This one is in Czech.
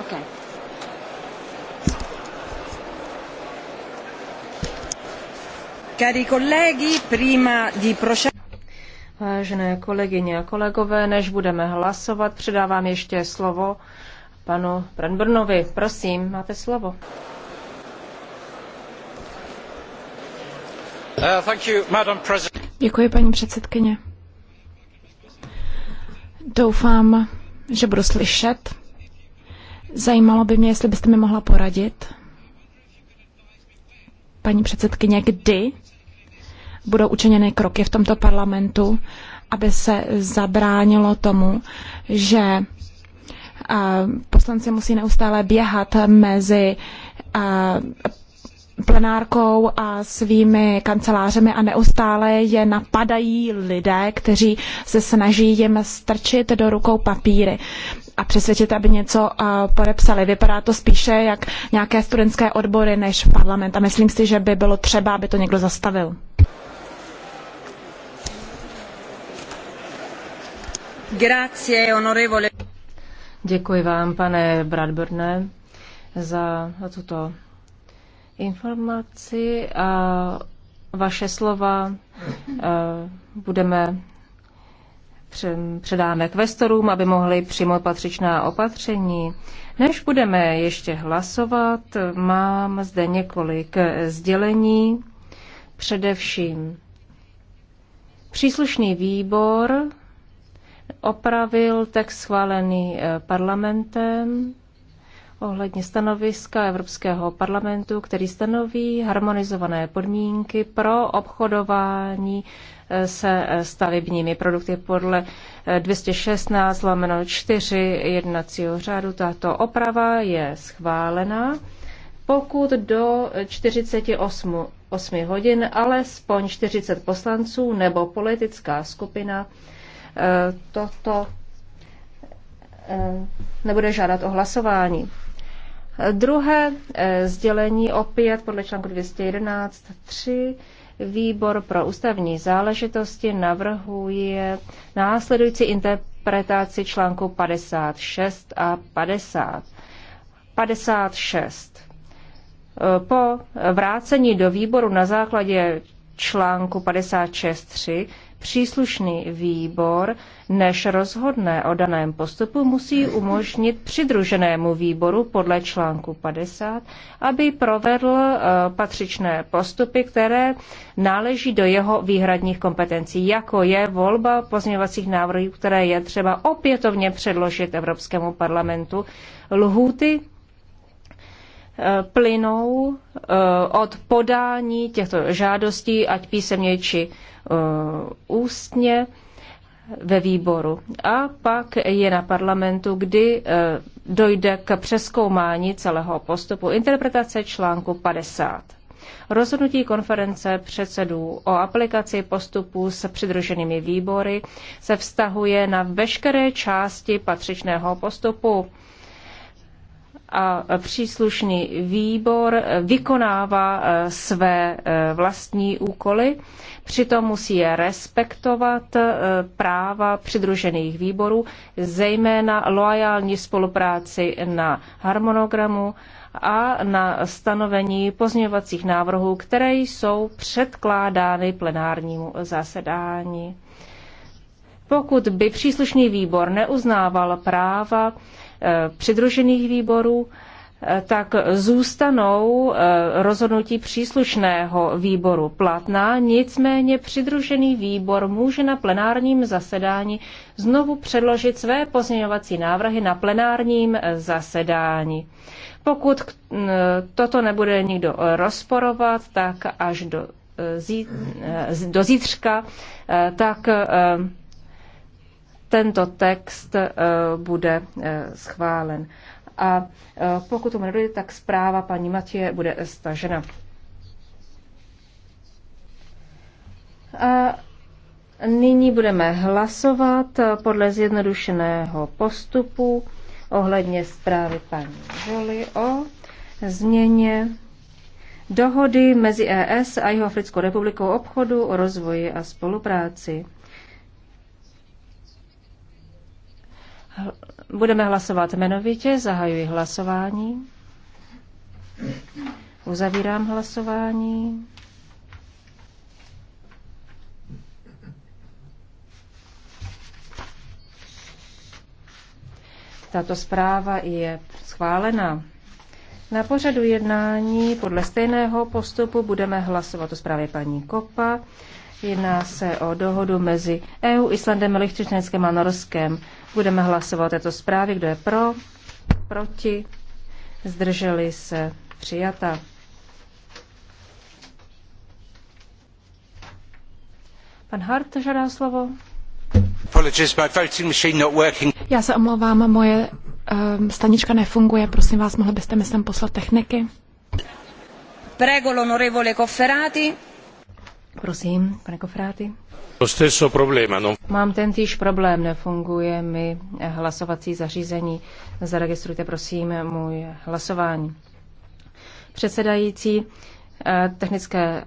Okay. Cari colleghi, prima di procedere... Vážené kolegyně a kolegové, než budeme hlasovat, předávám ještě slovo panu Brandbrnovi. Prosím, máte slovo. Uh, Děkuji, paní předsedkyně. Doufám, že budu slyšet Zajímalo by mě, jestli byste mi mohla poradit, paní předsedkyně, kdy budou učiněny kroky v tomto parlamentu, aby se zabránilo tomu, že poslanci musí neustále běhat mezi plenárkou a svými kancelářemi a neustále je napadají lidé, kteří se snaží jim strčit do rukou papíry a přesvědčit, aby něco eh, podepsali. Vypadá to spíše jak nějaké studentské odbory než parlament a myslím si, že by bylo třeba, aby to někdo zastavil. Grazie, onorevole. Děkuji vám, pane Bradburne, za tuto informaci a vaše slova eh, budeme předáme kvestorům, aby mohli přijmout patřičná opatření. Než budeme ještě hlasovat, mám zde několik sdělení. Především příslušný výbor opravil text schválený eh, parlamentem ohledně stanoviska Evropského parlamentu, který stanoví harmonizované podmínky pro obchodování eh, se eh, stavebními produkty podle 216 eh, lomeno 4 jednacího řádu. Tato oprava je schválená, pokud do 48 8 hodin alespoň 40 poslanců nebo politická skupina toto nebude žádat o hlasování. Druhé eh, sdělení opět podle článku 211.3 Výbor pro ústavní záležitosti navrhuje následující interpretaci článku 56 a 50. 56. Eh, po vrácení do výboru na základě článku 56.3 Příslušný výbor, než rozhodne o daném postupu, musí umožnit přidruženému výboru podle článku 50, aby provedl eh, patřičné postupy, které náleží do jeho výhradních kompetencí, jako je volba pozměňovacích návrhů, které je třeba opětovně předložit Evropskému parlamentu. Lhůty Eh, plynou eh, od podání těchto žádostí, ať písemně či eh, ústně ve výboru. A pak je na parlamentu, kdy dojde k přeskoumání celého postupu interpretace článku 50. Rozhodnutí konference předsedů o aplikaci postupů s přidruženými výbory se vztahuje na veškeré části patřičného postupu a příslušný výbor vykonává e, své e, vlastní úkoly, přitom musí je respektovat e, práva přidružených výborů, zejména loajální spolupráci na harmonogramu a na stanovení pozměňovacích návrhů, které jsou předkládány plenárnímu zasedání. Pokud by příslušný výbor neuznával práva Eh, přidružených výborů, eh, tak zůstanou eh, rozhodnutí příslušného výboru platná, nicméně přidružený výbor může na plenárním zasedání znovu předložit své pozměňovací návrhy na plenárním zasedání. Pokud toto nebude nikdo rozporovat, tak až do, zí, do zítřka, tak tento text eh, bude eh, schválen. A eh, pokud tomu nedojde, tak zpráva paní Matěje bude stažena. A nyní budeme hlasovat podle zjednodušeného postupu ohledně zprávy paní Žoli o změně dohody mezi ES a Jihoafrickou republikou obchodu o rozvoji a spolupráci. Budeme hlasovat jmenovitě, zahajuji hlasování. Uzavírám hlasování. Tato zpráva je schválena. Na pořadu jednání podle stejného postupu budeme hlasovat o zprávě paní Kopa. Jedná se o dohodu mezi EU, Islandem, Lichtenštejnskem a Norskem. Budeme hlasovat o této zprávě, kdo je pro, proti, zdrželi se, přijata. Pan Hart žádá slovo. Já se omlouvám, moje um, stanička nefunguje, prosím vás, mohli byste mi sem poslat techniky? Prego l'onorevole Cofferati. Prosím, pane Kofráty. Mám ten týž problém, nefunguje mi hlasovací zařízení. Zaregistrujte prosím můj hlasování. Předsedající, eh, technické